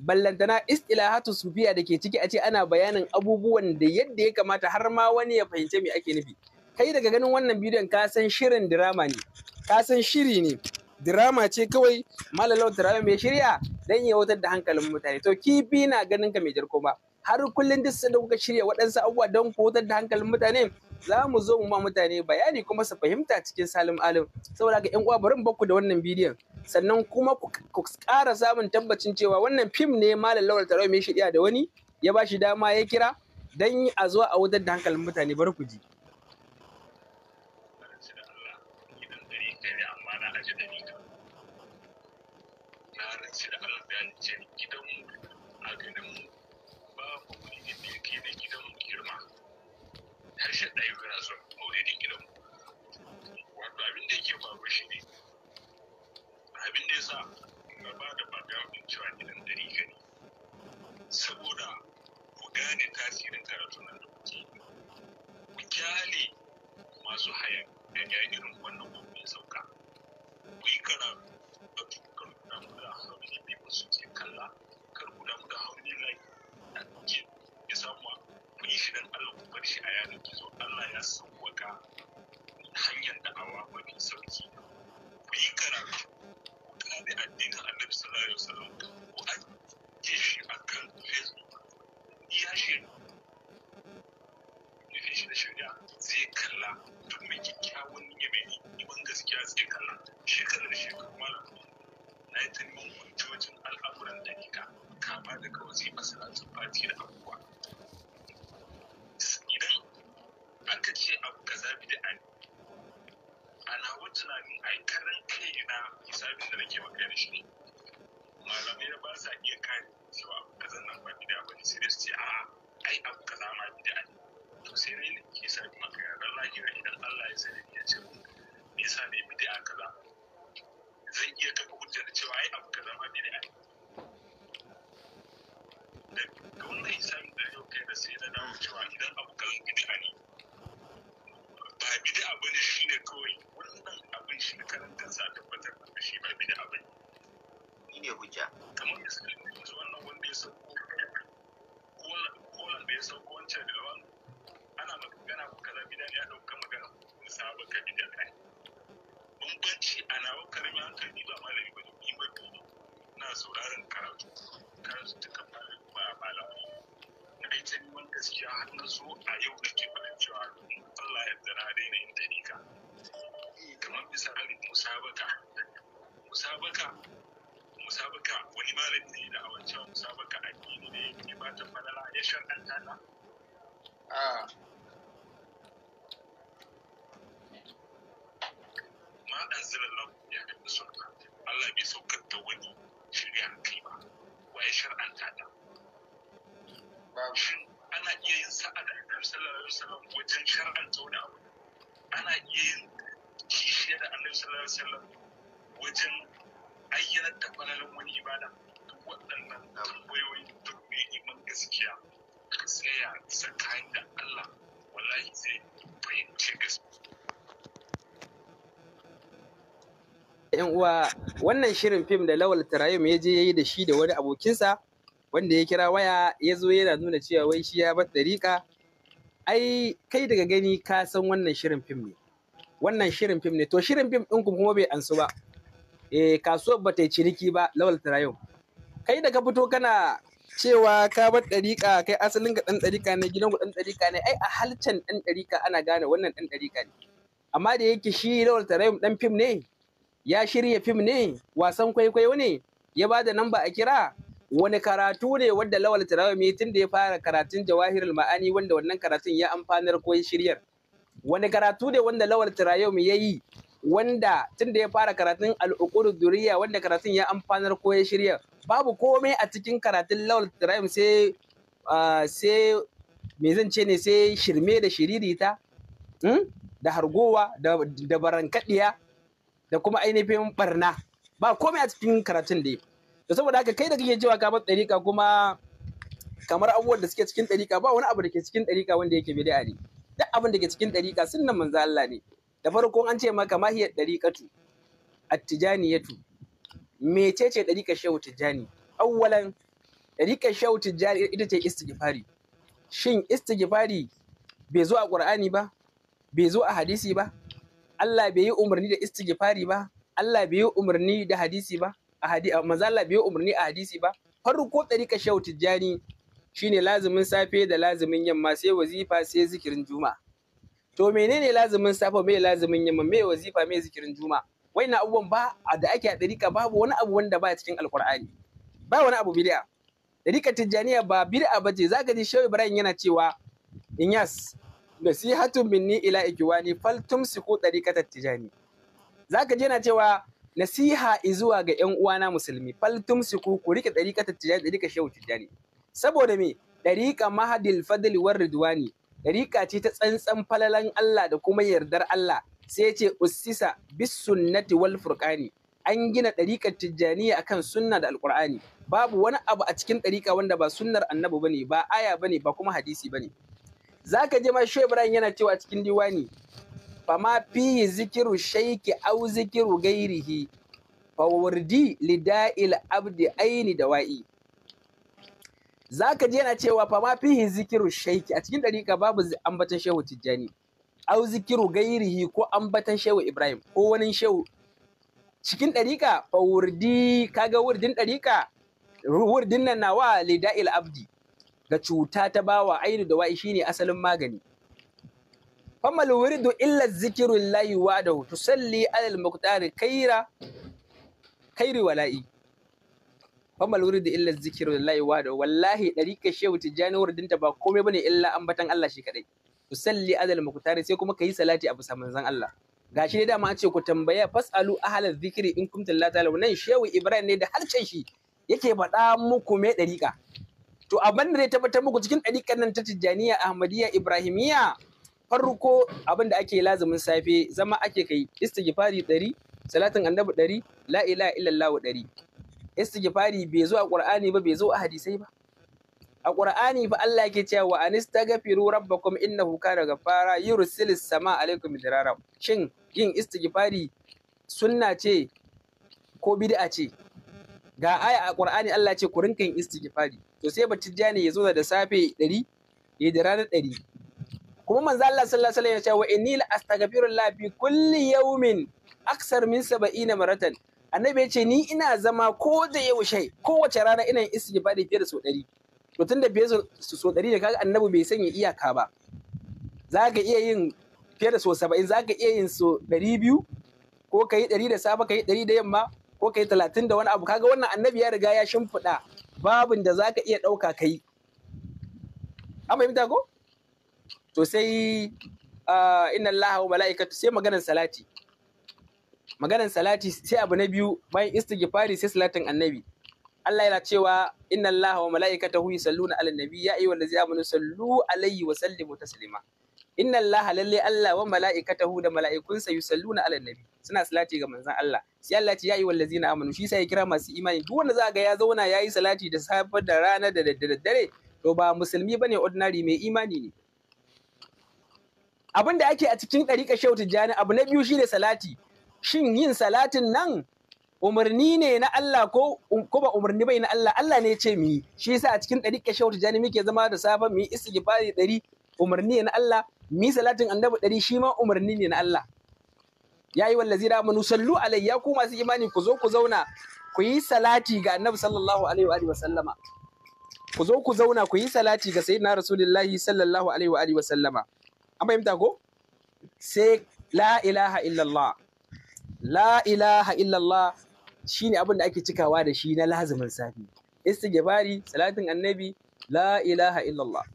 ballantana istilahatu sufiya da ke ciki a ce ana bayanin abubuwan da yadda ya kamata har ma wani ya fahimce me ake nufi kai daga ganin wannan bidiyon ka san shirin dirama ne ka san shiri ne dirama ce kawai malalau drama mai shirya dan ya wutar da hankalin mutane to kifi na ganin ka mai jarko ba har kullun duk da kuka shirya waɗansu abubuwa don ku wutar da hankalin mutane za mu zo mu ma mutane bayani kuma su fahimta cikin salim alim saboda ga yan uwa bari mu da wannan bidiyon sannan kuma ku ƙara samun tabbacin cewa wannan fim ne malam drama mai shirya da wani ya ba shi dama ya kira dan a zo a wutar da hankalin mutane bari ku ji gane tasirin karatu na rubuce ku kyale masu haya da ya irin wannan gwamnati sauka ku yi karatu a cikin karkuda mu da hauni ne ba su ke kalla karkuda mu da hauni lai a ke ya samu ku yi shi dan Allah ku bar shi a yanar gizo Allah ya sauwaka hanyar da'awa mafi sauki ku yi karatu ku kare addinin annabi sallallahu alaihi wasallam ku ajiye shi akan facebook iya shi nufin shi shari'a zai kalla duk mai kyakkyawan niyya mai neman gaskiya zai kalla shekarar shekaru malam na yi ta neman hujjojin al'amuran da nika kafa daga wasu masana'antun fati da abubuwa idan an ka ce abu ka zabi da an ana wata tunanin ai karan kai na hisabin da nake maka da shi malamai ba sa iya kare cewa kazan nan ba bid'a ba ne sai da su ce a ai abu kaza ma bid'a ne to sai ne ke sa kuma kai ran lahira idan Allah ya sani ya ce me yasa ne bid'a kaza zan iya kafa hujja da cewa ai abu kaza ma bid'a ne da wannan hisabi da yau kai da sai da dawo cewa idan abu kaza bid'a ne ba bid'a shi ne kawai wannan abin shi ne karantar sa tabbatar da shi ba bid'a bane shine hujja kamar misali wannan wanda ya sauko kolan da ya sauko wancan da wani ana magana ko kaza bidan ya dauka magana sabon ka bidan ai bambanci a nawa karamin hankali ba malami ba ni ba na sauraron karatu karatu duka ba malamai na ita neman gaskiya har na zo a yau da ke faɗin cewa Allah ya yarda na daina yin dalika kamar bisa misali musabaka musabaka musabaka wani malami ne da hawan cewa musabaka a addini ne ya ba ta falala ya shar'anta ta ah. ma dan zirin lau ya kafa sunna Allah bai saukar da wani shirya kai ba wa ya shar'anta ta shin ana iya yin sa'a da annabi sallallahu alaihi wasallam wajen shar'anta wani abu ana iya yin kishiya da annabi sallallahu alaihi wasallam wajen ayyanar da falalan wani ibada duk waɗannan tambayoyi duk mai iman gaskiya ka tsaya tsakanin da Allah wallahi zai fahimci gaskiya. yan uwa wannan shirin fim da lawal tarayim ya je yayi da shi da wani abokinsa wanda ya kira waya ya zo yana nuna cewa wai shi ya bar dariƙa ai kai daga gani ka san wannan shirin fim ne wannan shirin fim ne to shirin fim ɗin kuma bai ansu ba E, kasuwar ba ta yi ciniki ba lawal yau. kai da ka fito kana cewa ka bar ɗariƙa kai asalin ga ɗan ɗariƙa ne gidan ɗan ɗariƙa ne ai a halcan ɗan ɗariƙa ana gane wannan ɗan ɗariƙa ne amma da yake shi lawal tarayum ɗan fim ne ya shirya fim ne wasan kwaikwayo ne ya ba da namba a kira wani karatu ne wanda lawal mai tun da ya fara karatun jawahirul ma'ani wanda wannan karatun ya amfanar ko ya shiryar wani karatu ne wanda lawal tarawami ya yi wanda tun da ya fara karatun al'ukuru duriya wanda karatun ya amfanar ko ya shirya babu komai a cikin karatun lawal tiram, sai sai me zan ce ne sai shirme da shiririta hmm, da hargowa da Barankadiya, da kuma ainihin barna ba komai a cikin karatun dai da saboda haka kai da kake cewa ka bar ɗariƙa kuma kamar abubuwan da suke cikin ɗariƙa ba wani abu da ke cikin ɗariƙa wanda yake bai ne duk abin da ke cikin ɗariƙa sunan manzo Allah ne da farko an ce maka mahiyar ɗariƙatu mece ce ɗariƙa shehu Tijani? awwalan ɗariƙa shehu tijjani ita ce istigifari shin istigifari bai zo a ƙur'ani ba bai zo a hadisi ba Allah bai yi umarni da istigifari ba Allah bai yi umarni da hadisi ba a hadisi manzo Allah bai yi umarni a hadisi ba farko ɗariƙa shehu tijjani shine lazumin safe da lazumin yamma sai wazifa sai zikirin juma'a to menene lazumin safa me lazumin yamma me wazifa mai zikirin juma na abubuwan ba da ake a dariƙa babu wani abu wanda ba cikin alkur'ani ba wani abu bid'a dariƙar tijjaniya ba bid'a bace zaka ji shehu ibrahim yana cewa inyas nasihatun minni ila ikiwani fal tumsiku Tijjani." Za zaka ji yana cewa nasiha izuwa ga yan uwana musulmi fal tumsiku ku rike dariqatat Tijjani, dariqar shehu Tijjani." saboda me ɗarika mahadil fadli war ridwani Dariƙa ce ta tsantsan falalan Allah da kuma yardar Allah sai ya ce ussisa bis sunnati wal furqani an gina ɗariƙar tijjaniya akan sunna da alƙur'ani babu wani abu a cikin ɗariƙa wanda ba sunnar annabi bane ba aya bane ba kuma hadisi bane zaka je ma Shehu Ibrahim yana cewa cikin diwani fama fi zikiru shaiki au zikiru gairihi fawardi lida'il abdi aini dawa'i zaka ji yana cewa fa ma fihi zikiru shaiki a cikin dariƙa babu ambatan shehu tijjani au zikiru gairihi ko ambatan shehu ibrahim ko wani shehu cikin dariƙa fa wurdi kaga wurdin dariƙa wurdin nan nawa lida'il abdi ga cuta ta bawa ainu da wa'i shine asalin magani famal wuridu illa zikiru lillahi da tusalli alal muqtari khaira khairi wala'i famal da illar zikirar da layuwa da wallahi ka shehu tijjani dinta ba komai bane illa ambatan Allah shi kaɗai, Ku salli adal muqtari sai kuma ka yi salati a bisa manzan Allah Ga shi ne dama a ce ku tambaya fasalu ahalar zikiri in kuntum la ta'lamun nan shehu Ibrahim ne da harshen shi yake faɗa muku me ɗariƙa. to abin da zai tabbatar muku cikin ɗariƙar nan ta Tijjaniya Ahmadiyya Ibrahimiyya farko abin da ake lazumin safe zama ake kai istighfari ɗari salatin annabi ɗari la ilaha ɗari istighfari bai zo a qur'ani ba bai zo a hadisai ba a qur'ani fa Allah yake cewa wa anistaghfiru rabbakum innahu kana ghaffara yursilis sama alaikum dirara shin yin istighfari sunna ce ko bid'a ce ga aya a qur'ani Allah ce ku rinka istighfari to sai batijjani ya zo da safe 100 ya da ranar 100 kuma manzo Allah sallallahu alaihi wasallam ya ce wa inni la astaghfirullahi bi kulli yawmin aksar min 70 maratan annabi ya ce ni ina zama ko da yaushe kowace rana ina yin istighfari fiye da sau ɗari to tun da fiye su sau ɗari ne kaga annabi bai sanya iyaka ba za ka iya yin fiye da sau saba'in za ka iya yin sau ɗari biyu ko ka yi ɗari da safe ka yi ɗari da yamma ko ka yi talatin da wani abu kaga wannan annabi ya riga ya shimfiɗa babin da za ka iya ɗauka ka yi an yi ko to sai ah, inna Allah wa mala'ikatu sai maganar salati maganan salati sai abu na biyu bayan istighfari sai salatin annabi Allah yana cewa inna Allah wa mala'ikatahu yusalluna 'alan nabi ya ayyuhal ladzina amanu sallu alaihi wa sallimu taslima inna Allah lalle Allah wa mala'ikatahu da mala'ikunsa yusalluna 'alan nabi suna salati ga manzon Allah sai Allah ce ya ayyuhal ladzina amanu shi sai ya kira masu imani duk wanda za ga ya zauna yayi salati da safe da rana da daddare to ba musulmi bane ordinary mai imani ne abin da ake a cikin ɗariƙa shehu tijjani abu na biyu shine salati shin yin salatin nan umarni ne na Allah ko ko ba umarni bai na Allah Allah ne ya ce mu shi yasa a cikin ɗari kashe wata jani muke zama da safa mu yi istighfari ɗari umarni ne na Allah mu yi salatin annabi ɗari shi ma umarni ne na Allah ya yi wallazi da amanu sallu alayya ku masu imani ku zo ku zauna ku yi salati ga annabi sallallahu alaihi wa sallama ku zo ku zauna ku yi salati ga sayyidina rasulullahi sallallahu alaihi wa sallama an fahimta ko sai la ilaha illallah la ilaha illallah ne abin da ake cikawa da shi na lazumin safi istighfari salatin annabi la ilaha illallah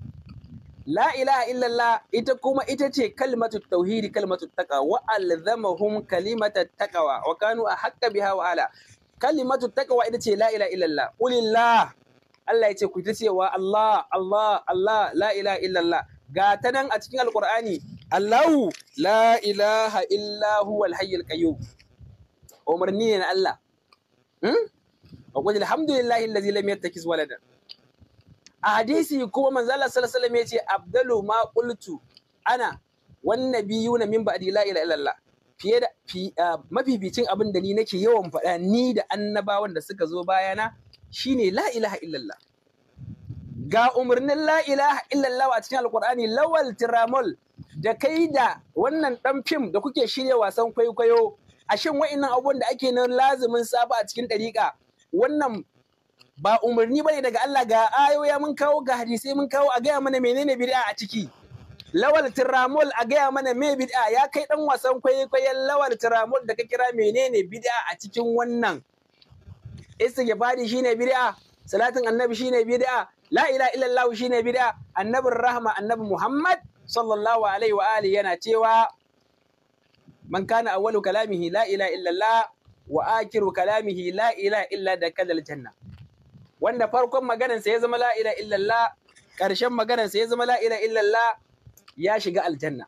la ilaha illallah ita kuma ita ce kalmatu tauhidi kalmatu taqa wa alzamahum kalimata taqwa wa kanu ahqqa biha wa ala kalimatu taqwa ita ce la ilaha illallah qulillah Allah ya ce ku ita cewa Allah Allah Allah la ilaha illallah ga ta nan a cikin Alƙur'ani. Allahu la ilaha illahu alhayyul hayyul qayyum. Umarni ne na Allah. Hmm? Akwai alhamdulillahi allazi lam yattakis waladan. A hadisi kuma manzo Allah sallallahu alaihi wasallam yace abdalu ma qultu ana wan nabiyuna min ba'di la ilaha illallah. Fiye da mafificin abin da ni nake yawan faɗa ni da annabawan da suka zo bayana shine la ilaha illallah. ga umarnin la'ilaha illallah a cikin alkur'ani lawal tiramol da kai da wannan dan fim da kuke shirya wasan kwaikwayo a shin wa'innan abubuwan da ake nan lazumin saba a cikin ɗariƙa wannan ba umarni ba ne daga Allah ga ayoya mun kawo ga hadisai mun kawo a gaya mana menene bid'a a ciki lawal tiramol a gaya mana me bid'a ya kai dan wasan kwaikwayon lawal tiramol da ka kira menene bid'a a cikin wannan istighfari shine bid'a salatin annabi shine bid'a la ila illallah shine bid'a annabin rahma annabi muhammad sallallahu alaihi wa yana cewa man kana awwalu kalamihi la ila illallah wa akiru kalamihi la ila da kalal janna wanda farkon maganarsa ya zama la ila illallah maganarsa ya zama la ila ya shiga aljanna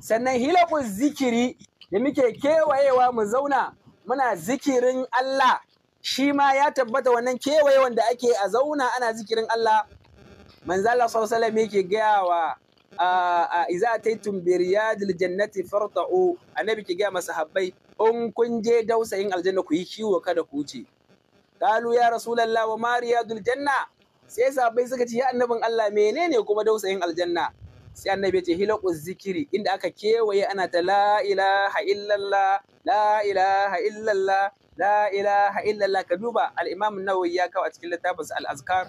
sannan hilafin zikiri da muke kewayewa mu zauna muna zikirin Allah shi ma ya tabbata wannan kewayewan da ake a zauna ana zikirin Allah manzo Allah sallallahu alaihi wasallam yake gaya wa a iza taitum bi riyadil jannati farta'u annabi ke gaya masa habbai in kun je dausayin aljanna ku yi kiwo kada ku wuce Kalu ya rasulullah wa mariyadul janna sai sahabbai suka ce ya annabin Allah menene kuma dausayin aljanna sai annabi ce hilaqu zikiri inda aka kewaye ana ta la ilaha illallah la ilaha illallah la ilaha illallah ka duba al-imam nawawi ya kawo a cikin littafin al-azkar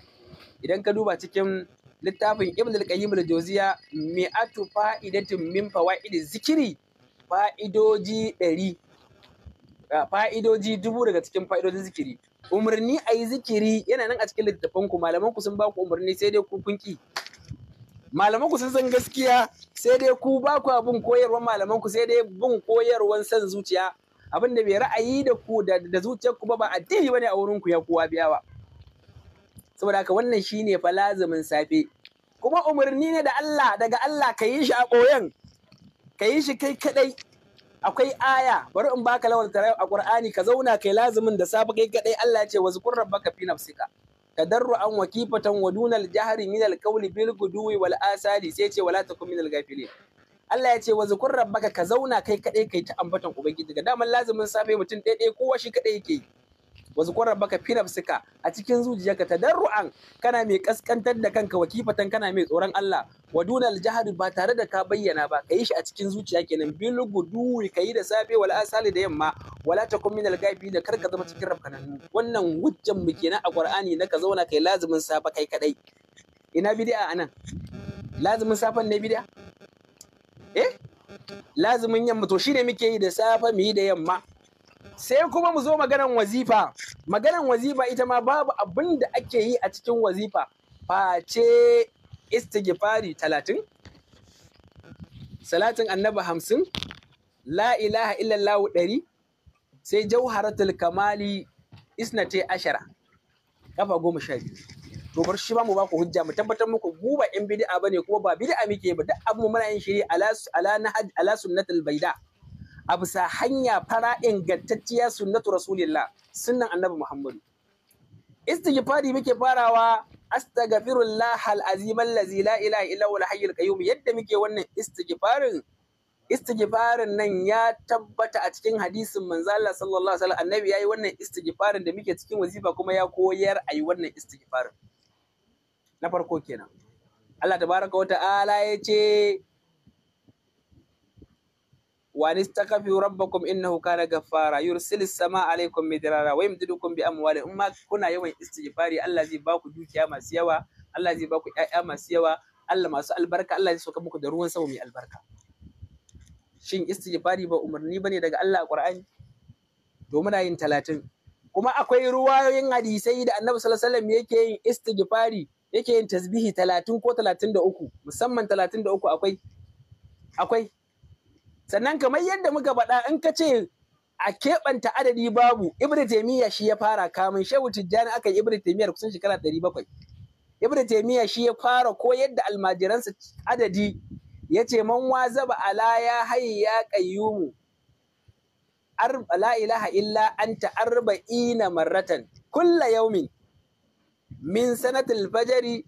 idan ka duba cikin littafin ibn al-qayyim al-jawziya mi'atu fa'idatin min fawaidiz zikiri fa'idoji 100 fa'idoji dubu daga cikin fa'idojin zikiri umarni a yi zikiri yana nan a cikin littafin ku malaman ku sun ba ku umarni sai dai ku kunki malaman ku sun san gaskiya sai dai ku ba ku abin koyarwar malaman ku sai dai bin koyarwar san zuciya abin da bai ra'ayi da ku da zuciyar ku ba ba addini bane a wurin ku ya kowa biya ba saboda haka wannan shine fa lazumin safe kuma umarni ne da Allah daga Allah ka yi shi a koyan ka yi shi kai kadai akwai aya bari in baka lawal tarayu a Qur'ani ka zauna kai lazumin da safe kai kadai Allah ya ce wazkur rabbaka fi nafsika tadarru'an an wakifatan wa dunal jahri min al-qawli bil guduwi wal asali sai ce wala takum min al-ghafilin Allah ya ce wa zukur rabbaka ka zauna kai kadai kai ta ambaton ubangiji ga daman lazimin safe mutum ɗaya kowa shi kadai yake yi wa zukur rabbaka fi nafsika a cikin zuciyarka tadarru'an kana mai kaskantar da kanka wakifatan kana mai tsoron Allah wa dunal ba tare da ka bayyana ba kai shi a cikin zuciya kenan bil gudu kai da safe wal asali da yamma wala takum minal gaibi da karka zama cikin nan wannan wujjan mu kenan a Qur'ani na ka zauna kai lazimin safe kai kadai ina bid'a anan lazimin safen ne bid'a eh lazumin yamma to shi ne muke yi da safe mu yi da yamma sai kuma mu zo maganan wazifa maganan wazifa ita ma babu abin da ake yi a cikin wazifa face istighfari talatin salatin annaba hamsin la ilaha illallahu ɗari sai jauharatul kamali isnate ashara kafa goma sha biyu to bar shi ba mu ba ku hujja mu tabbatar muku mu ba yan bid'a bane kuma ba bid'a muke ba duk abu muna yin shiri ala ala nahaj ala sunnatul baida a sa hanya fara ingantacciya sunnatu rasulillah sunnan annabi muhammadu istighfari muke farawa astaghfirullah alazim allazi la ilaha illa huwa alhayyul qayyum yadda muke wannan istighfarin istighfarin nan ya tabbata a cikin hadisin manzo Allah sallallahu alaihi wasallam annabi yayi wannan istighfarin da muke cikin wazifa kuma ya koyar ayi wannan istighfarin na farko kenan Allah ta baraka wa ta'ala ya ce wa nistakafu rabbakum innahu kana gaffara yursil sama alaikum midrara wa yamdidukum bi amwali in ma kuna yawan istighfari Allah zai baku dukiya masu yawa Allah zai baku ƴaƴa masu yawa Allah masu albarka Allah zai soka muku da ruwan sama mai albarka shin istighfari ba umarni bane daga Allah a Qur'ani domin yin talatin kuma akwai ruwayoyin hadisai da Annabi sallallahu alaihi wasallam yake yin istighfari yake yin tasbihi talatin ko talatin da uku musamman talatin da uku akwai akwai sannan kamar yadda muka faɗa in ka ce a keɓanta adadi babu Ibrahim taimiyya shi ya fara kamun shehu tijjani aka yi ibnu taimiyya kusan shekara ɗari bakwai Ibrahim taimiyya shi ya fara ko yadda almajiransa adadi ya ce man wazaba ala ya hayi ya qayyumu la ilaha illa anta arba'ina marratan kulla yaumin min sanatil fajari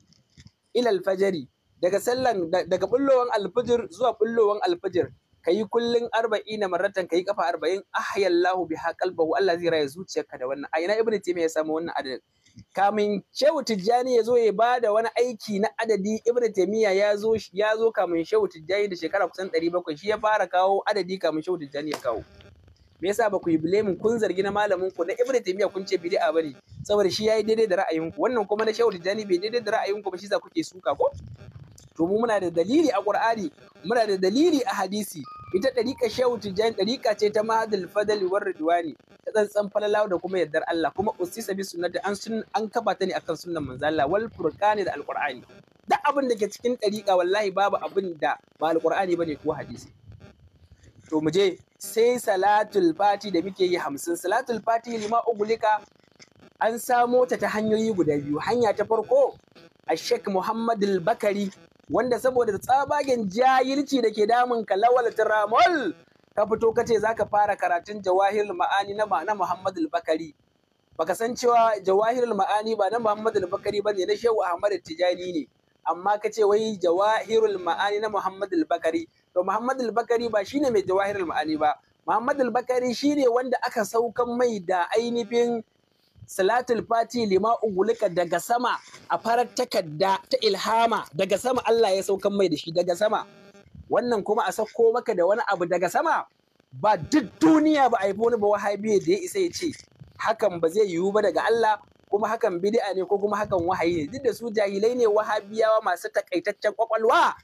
ila alfajari daga sallan daga bullowan alfajir zuwa bullowan alfajir kayi kullun arba'ina marratan kayi kafa arba'in bi biha qalbahu Allah zai raya zuciyarka da wannan a ina ibnu ya samu wannan adadin kamin shehu tijjani ya zo ya ba da wani aiki na adadi ibnu ya zo ya zo kamin shehu tijjani da shekara kusan 700 shi ya fara kawo adadi kamin shehu tijjani ya kawo me yasa ba ku yi blaming kun zargi na malamin ku na ibnu taymiya kun ce bid'a bane saboda shi yayi daidai da ra'ayin ku wannan kuma na shawul jani bai daidai da ra'ayin ku ba shi za kuke suka ko to mu muna da dalili a qur'ani muna da dalili a hadisi ita dariƙa shehu tijani dariƙa ce ta mahadul fadali war ridwani ta tsantsan falalawa da kuma yardar Allah kuma usisa bi sunnati an sun an kaba ta ne akan sunnan manzo Allah wal furqani da alqur'ani duk abin da ke cikin dariƙa wallahi babu abin da ba alqur'ani bane ko hadisi to mu je sai salatul fati da muke yi hamsin salatul fati lima ugulika an samo ta ta hanyoyi guda biyu hanya ta farko a sheikh muhammad bakari wanda saboda tsabagen jahilci da ke damun ka tiramol ka fito ka kace zaka fara karatun jawahir ma'ani na ma'ana muhammad bakari baka san cewa jawahir ma'ani ba na muhammad bakari ba ne na shehu ahmad tijani ne amma ka ce wai jawahirul ma'ani na muhammad bakari to Muhammad al-Bakari ba shine mai jawahir ma'ani ba Muhammad al-Bakari shine wanda aka saukan mai da ainihin salatul fati lima ugulika daga sama a farar takarda ta ilhama daga sama Allah ya saukan mai da shi daga sama wannan kuma a sauko maka da wani abu daga sama ba duk duniya ba a wani ba wahabi da ya isa ya ce hakan ba zai yiwu ba daga Allah kuma hakan bid'a ne ko kuma hakan wahayi ne duk da su jahilai ne wahabiyawa masu takaitaccen kwakwalwa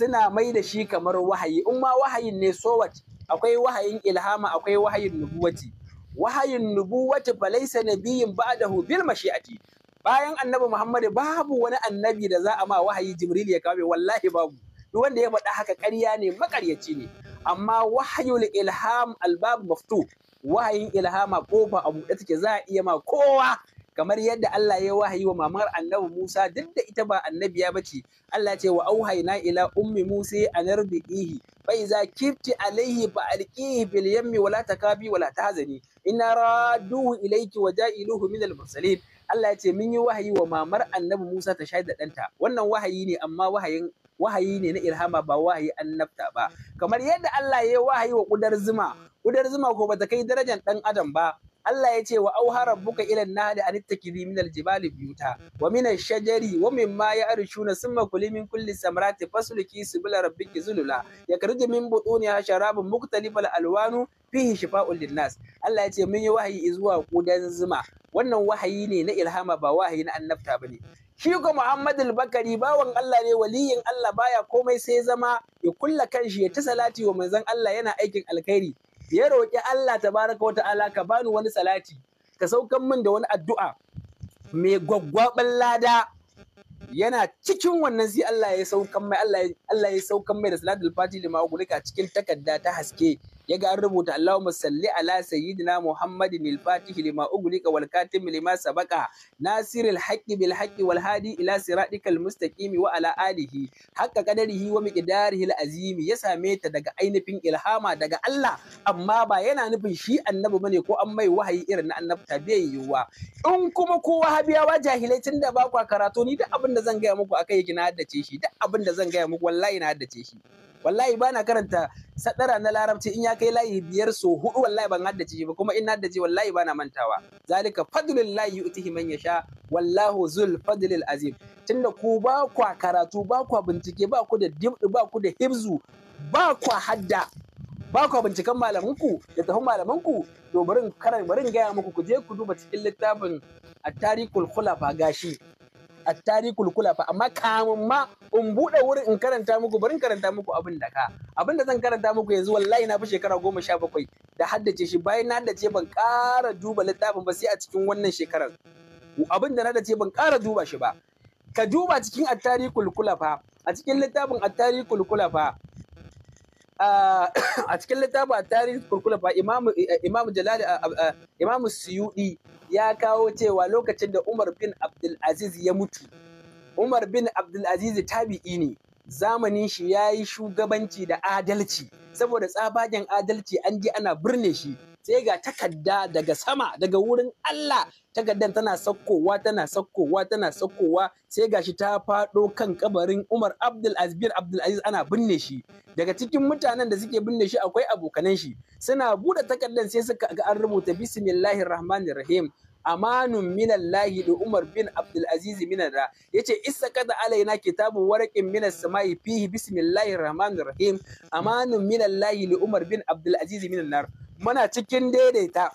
suna mai da shi kamar wahayi in ma wahayin ne sowat akwai wahayin ilhama akwai wahayin nubuwati wahayin nubuwati falaisa nabiyin ba'dahu bil mashi'ati bayan annabi Muhammad babu wani annabi da za a ma wahayi Jibril ya kawo wallahi babu duk wanda ya faɗa haka ƙarya ne makaryaci ne amma wahayul ilham albab maftu wahayin ilhama kofa a buɗe take za a iya ma kowa kamar yadda Allah ya wahayi wa mamar annabi Musa duk da ita ba annabiya bace Allah ce wa auhayna ila ummi Musa an arbihi Ihi. iza kifti alaihi ba alqihi bil yammi wala takabi wala tahzani inna raduhu ilayki wa ja'iluhu min al mursalin Allah ya ce mun yi wahayi wa mamar annabi Musa ta shaida ɗanta wannan wahayi ne amma wahayin wahayi ne na ilhama ba wahayi annabta ba kamar yadda Allah ya wahayi wa ƙudar zuma ƙudar zuma ko ba ta kai darajar ɗan adam ba Allah ya ce wa auha rabbuka ila nahli an tattakidi min aljibali biyuta wa min ashjari wa ma ya'rishuna summa kulli min kulli samrati fasluki subula rabbiki zulula yakhruju min butuniha sharabun muktalifal alwanu fihi shifa'un linnas Allah ya ce mun yi wahayi zuwa kudan zuma wannan wahayi ne na ilhama ba wahayi na annabta bane shi ko Muhammad al-Bakari bawan Allah ne waliyin Allah baya komai sai zama ya kulla kanshi ya ta salati wa manzon Allah yana aikin alkhairi ya roƙi Allah baraka wata ala ka bani wani salati ka saukan min da wani addu'a mai gwaggwaɓar lada yana cikin wannan sai Allah ya saukan mai Allah ya saukan da salatul fati cikin takarda ta haske ya ga rubuta Allahumma salli ala sayyidina Muhammadin al-Fatih lima ughliqa wal katim lima sabaqa nasiril haqqi bil haqqi wal hadi ila siratikal mustaqimi wa ala alihi haqqa qadarihi wa miqdarihi al-azim ya same ta daga ainihin ilhama daga Allah amma ba yana nufin shi annabi bane ko an mai wahayi irin na ta bai yuwa. in kuma ko wahabiyawa jahilai tunda ba kwa karatu ni duk abin da zan gaya muku akai yake na haddace shi duk abin da zan gaya muku wallahi na haddace shi wallahi ba na karanta sadara na larabci in ya kai layi biyar so hudu wallahi ban haddace shi ba kuma in haddace wallahi ba na mantawa zalika fadlullahi yu'tihi man yasha wallahu zul fadlil azim tunda ku ba kwa karatu ba kwa bincike ba ku da dibdi ba ku da hibzu ba kwa hadda ba kwa binciken malamanku da tafin malamanku to barin gaya muku ku je ku duba cikin littafin at-tariqul khulafa gashi a tarikul fa amma kamun ma in buɗe wurin in karanta muku bari in karanta muku abin da ka abin da zan karanta muku yanzu wallahi na fi shekara goma sha bakwai da haddace shi bayan na haddace ban ƙara duba littafin ba sai a cikin wannan shekarar abin da na haddace ban ƙara duba shi ba ka duba cikin attarikul fa a cikin littafin attarikul fa ah, a cikin littafin attarikul kulafa imam imamu jalali ah, ah, imam suyudi ya kawo cewa lokacin da Umar bin Abdulaziz ya mutu. Umar bin Abdulaziz tabi'i ne, zamanin shi ya yi shugabanci da adalci, saboda tsabagen adalci an ji ana birne shi, sai ga takarda daga sama daga wurin Allah takardar tana sakkowa tana sakkowa tana sakkowa sai ga shi ta faɗo kan kabarin Umar Abdul Azbir Abdul Aziz ana binne shi daga cikin mutanen da suke binne shi akwai abokanan shi suna buɗe takardar sai suka ga an rubuta bismillahir rahmanir rahim amanun minallahi da Umar bin Abdul Aziz Ya yace isa kada alaina kitabu warqin minas samai fihi bismillahir rahmanir rahim amanun minallahi li Umar bin Abdul Aziz muna cikin daidaita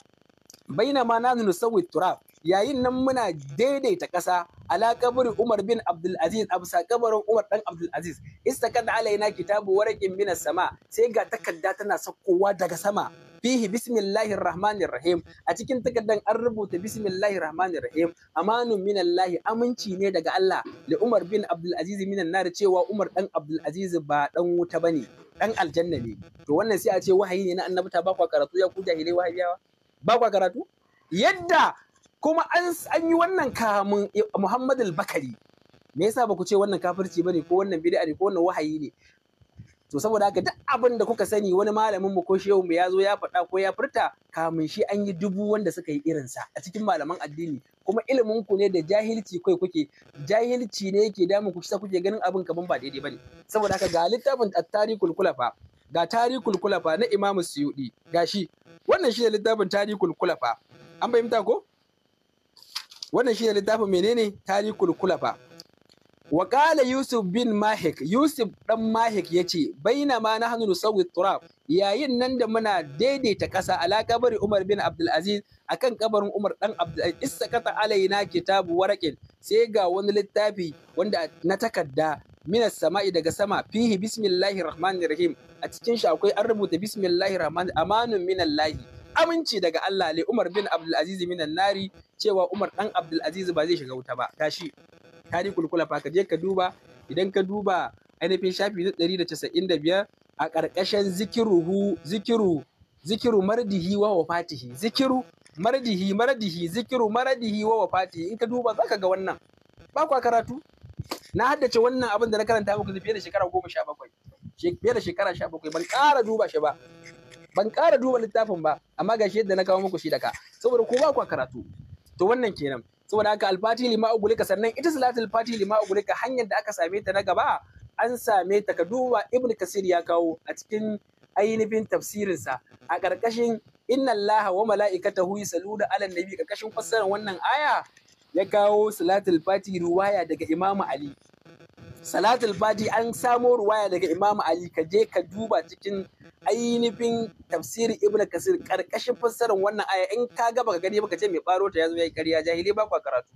baina ma nanu nusawwi turab yayin nan muna daidaita ƙasa ala kabri Umar bin Abdul Aziz a bisa kabarin Umar dan Abdul Aziz istakad alaina kitabu warqin minas sama sai ga takarda tana sakkowa daga sama fihi bismillahir rahmanir rahim a cikin takardan an rubuta bismillahir rahmanir rahim amanun minallahi aminci ne daga Allah li Umar bin Abdul Aziz minan nar cewa Umar dan Abdul Aziz ba dan wuta bane dan aljanna ne to wannan sai a ce wahayi ne na annabi ba bakwa karatu ya ku jahilai Ba bakwa karatu yadda kuma an yi wannan kamun eh, Muhammad bakari me yasa ba ku ce wannan kafirci bane ko wannan bid'a ne ko wannan wahayi ne to saboda haka duk abin da kuka sani wani malamin mu ko shehu mu ya zo ya faɗa ko ya furta kamun shi an yi dubu wanda suka yi irin sa a cikin malaman addini kuma ilimin ku ne da jahilci kai kuke jahilci ne yake damun ku kusa kuke ganin abin kaman ba daidai bane saboda haka ga littafin at-tariqul kulafa ga tarikul kulafa na Imam Suyudi gashi wannan shi ne littafin tarikul kulafa an fahimta ko wannan shine littafin menene tarikul kulafa wa qala yusuf bin mahik yusuf dan mahik yace ma nahnu nusawwi turab yayin nan da muna daidaita kasa ala kabari umar bin abdul aziz akan kabarin umar dan abdul aziz istakata alaina kitabu waraqin sai ga wani littafi wanda na takarda minas sama'i daga sama fihi bismillahir rahmanir rahim a cikin shi akwai an rubuta bismillahir rahmanir amanun minallahi aminci daga Allah ne Umar bin Abdul Aziz minan nari cewa Umar dan Abdul Aziz ba zai shiga wuta ba tashi tari kulkula fa ka je ka duba idan ka duba ainihin shafi na 195 a ƙarƙashin zikiruhu zikiru zikiru mardihi wa wafatihi zikiru mardihi mardihi zikiru mardihi wa wafatihi in ka duba zaka ga wannan ba kwa karatu na haddace wannan abin da na karanta muku fiye da shekara goma sha bakwai fiye da shekara sha bakwai ban ƙara duba shi ba ban ƙara duba littafin ba amma gashi yadda na kawo muku shi da ka saboda ko ba ku karatu to wannan kenan saboda haka alfati lima ugulika sannan ita salatul fati lima ugulika hanyar da aka same ta na gaba an same ta ka duba ibn kasir ya kawo a cikin ainihin tafsirinsa a ƙarƙashin inna allaha wa mala'ikatahu yusalluna ala nabi ƙarƙashin fassarar wannan aya ya kawo salatul fati ruwaya daga imamu ali salatul fati an samo ruwaya daga imamu ali ka je ka duba cikin ainihin tafsirin ibn kasir karkashin fassarar wannan aya in ka ga baka gani baka ce mai baro ta yazo yayi ƙarya jahili ba kwa karatu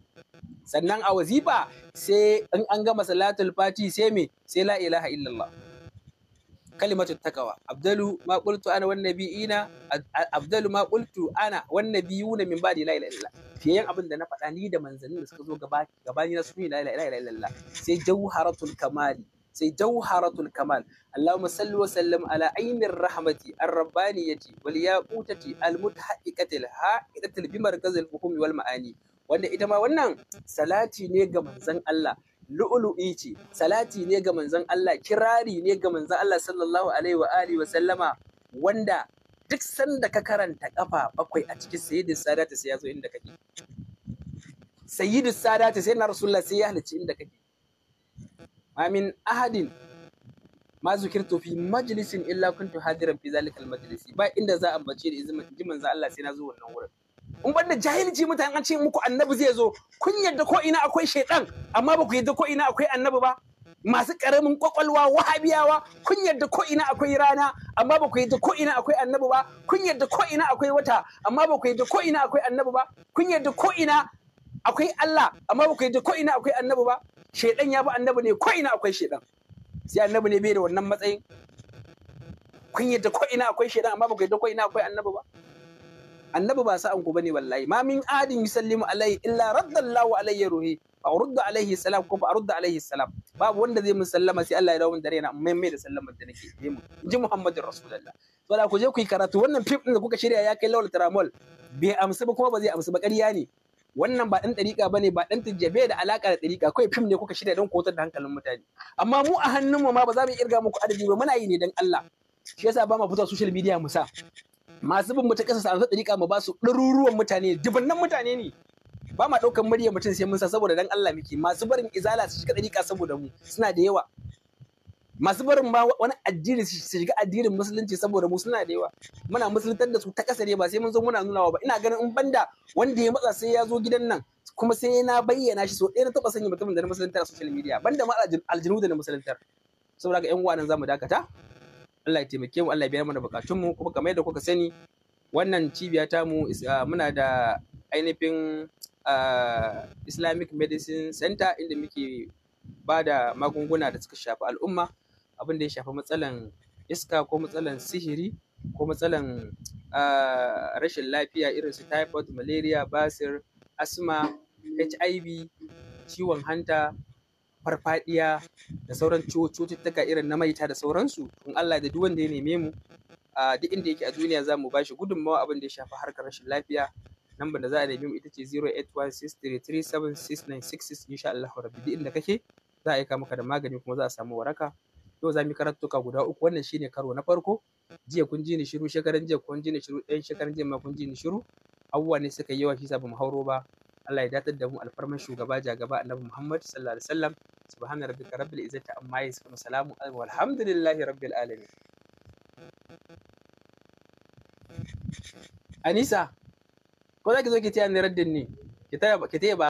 sannan a wazifa sai an gama salatul fati sai me sai la ilaha illallah kalimatu takawa abdalu ma qultu ana wan nabiyina abdalu ma qultu ana wan nabiyuna min ba'di la ilaha illallah Fiyan abin da na faɗa ni da manzannin da suka zo gabani na sunni la ilaha illallah sai jawharatul kamali sai jawharatul kamal Allahumma salli wa sallim ala ainir rahmati ar-rabbaniyati wal yaqutati al-mutahaqqiqati al bi markazil hukumi wal ma'ani wanda ita ma wannan salati ne ga manzon Allah lu'ulu'i ce salati ne ga manzon Allah kirari ne ga manzon Allah sallallahu alaihi wa alihi wa sallama wanda duk sanda ka karanta kafa bakwai a cikin sayyidu sadata sai ya zo inda kake sayyidu sadata sai na rasulullah sai ya halici inda kake ma min ahadin ma zukirtu fi majlisin illa kuntu hadiran fi zalikal majlisi ba inda za a bace da izinin ji manzon Allah sai na zo wannan wurin in banda jahilci mutane an ce muku annabi zai zo kun yadda ko ina akwai shaitan amma ba ku yadda ko ina akwai annabi ba masu karamin kwakwalwa wahabiyawa kun yadda ko ina akwai rana amma ba ku yadda ko ina akwai annabi ba kun yadda ko ina akwai wata amma ba ku yadda ko ina akwai annabi ba kun yadda ko ina akwai Allah amma ba ku yadda ko ina akwai annabi ba shaitan ya bi annabi ne ko ina akwai shaitan sai annabi ne bai da wannan matsayin kun yadda ko ina akwai shaitan amma ba ku yadda ko ina akwai annabi ba annabi ba sa ku bane wallahi ma min adin yusallimu alaihi illa raddallahu alayya ruhi fa urdu alaihi salam ko fa urdu alaihi salam babu wanda zai mun sallama sai Allah ya dawo mun dare na mai mai da sallamar da nake yi mu inji Muhammadin Rasulullah to da ku je ku yi karatu wannan fim din da kuka shirya ya kai lawal tramol bai amsu ba kuma ba zai amsu ba ƙarya ne wannan ba ɗan ɗariƙa ba ne ba ɗan tijjabe da alaƙa da ɗariƙa kawai fim ne kuka shirya don kotar da hankalin mutane amma mu a hannunmu ma ba za mu irga muku adadi ba muna yi ne don Allah shi yasa ba ma fita social media mu sa masu bin mutu kasa sanata dariƙa mu ba su ɗaruruwan mutane dubannan mutane ne ba ma ɗaukan muryar mutum sai mun sa saboda dan Allah muke masu barin izala su shiga ɗariƙa saboda mu suna da yawa masu barin ba wani addini su shiga addinin musulunci saboda mu suna da yawa muna musuluntar da su ta kasa ne ba sai mun zo muna nunawa ba ina ganin in banda wanda ya matsa sai ya zo gidan nan kuma sai na bayyana shi so ɗaya na taɓa sanya mutumin da na musuluntar a social media banda ma aljinu da na musuluntar saboda ga yan uwa nan za mu dakata Allah ya taimake mu Allah ya biya mana bukatun mu kuma kamar yadda kuka sani wannan cibiya ta mu ah, muna da ainihin ah, Islamic Medicine Center inda muke ba da magunguna da suka shafi al'umma abin da ya shafi matsalan iska ko matsalan sihiri ko matsalan ah, rashin lafiya irin su typhoid malaria basir asma hiv ciwon hanta farfadiya da sauran cututtuka irin na maita da sauransu in Allah da duk wanda ya neme mu a duk inda yake a duniya za mu ba shi gudunmawa abin da ya shafi harkar rashin lafiya lambar da za a neme mu ita ce 0816337696 insha Allah rabbi duk inda kake za a aika maka da magani kuma za a samu waraka yau za mu karatuka guda uku wannan shine karo na farko jiya kun ji ni shiru shekaran jiya kun ji ni shiru ɗayan shekaran jiya ma kun ji ni shiru abubuwa ne suka yi yawa shi sa bamu hauro ba Allah ya datar da mu alfarman shugaba jagaba annabi Muhammad sallallahu alaihi wasallam subhana rabbika rabbil izzati amma yasifun salamu walhamdulillahi rabbil alamin Anisa ko za ki zo ki taya ni raddin ne ki taya ba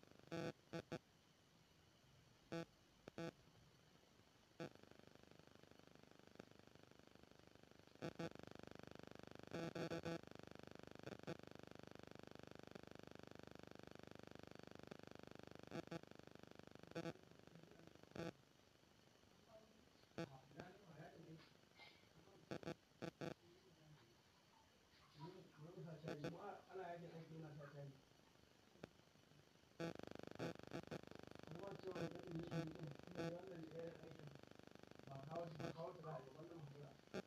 考起来，我反正回来，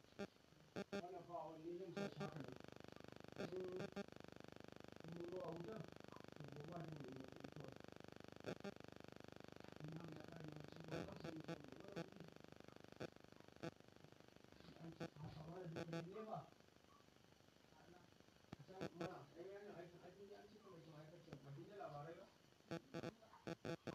反正考我你认错钱了，就